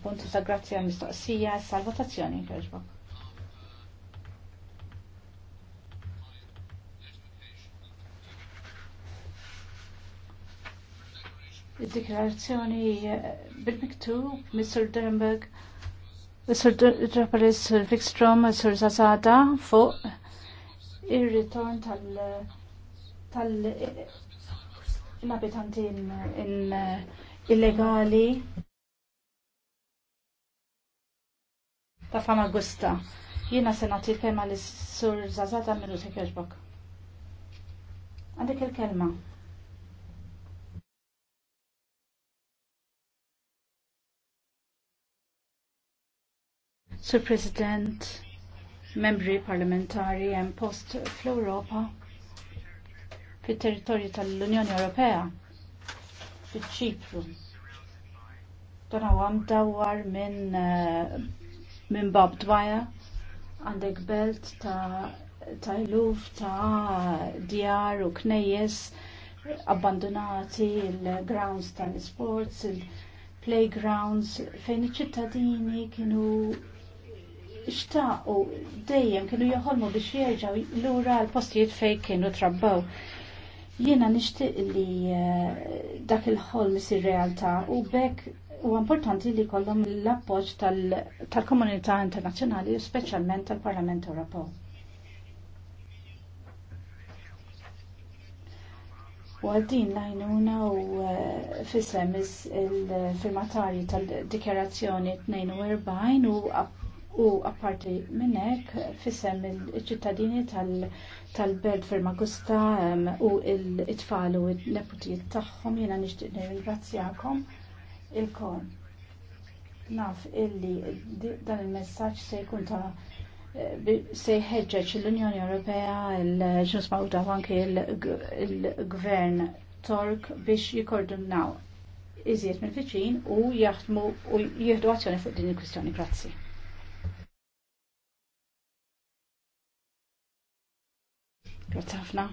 Punti ta' grazzi għal mistoqsija, salvatazzjoni kħerġbok. il dikjarazzjoni eh, bil-miktub, Mr. Dernberg, Mr. Drapalis Vikstrom, Mr. Zazada, fuq il ritorn tal- tal eh, in eh, illegali. ta' fama gusta. Jina se nagħti kelma li sur Zazata minu se kjoġbok. Għandek il-kelma. Sur President, membri parlamentari hemm post fl-Ewropa fit-territorju tal-Unjoni Ewropea fiċ-Ċipru. Dan huwa minn eh, minn Bob Dwyer għandek belt ta' tajluf ta' djar u knejjes abbandonati il-grounds tal-sports, il-playgrounds fejn iċ-ċittadini kienu u dejjem kienu joħolmu biex l lura l-postijiet fej kienu trabbaw. Jiena nixtieq li eh, dak il-ħolm isir realtà u bekk u importanti li kollom l-appoġġ tal-komunità tal internazzjonali, speċjalment tal-Parlament Ewropew. U għaddin lajnuna u eh, fissem il-firmatari tal dikjerazzjoni 42 u u apparti minnek fissem il-ċittadini tal-belt firma Gusta eh, u il-tfal u il-neputijiet tagħhom jiena nixtieq nirringrazzjakom il-kon. Naf illi dan il-messaġġ se jkun ta' eh, se jħeġġeġ l-Unjoni Ewropea, il-ġus mawda anke il-gvern Tork biex jikordunnaw iżjed mill fiċin u jaħdmu u jieħdu azzjoni fuq din il-kwistjoni. Grazzi. Grazzi ħafna.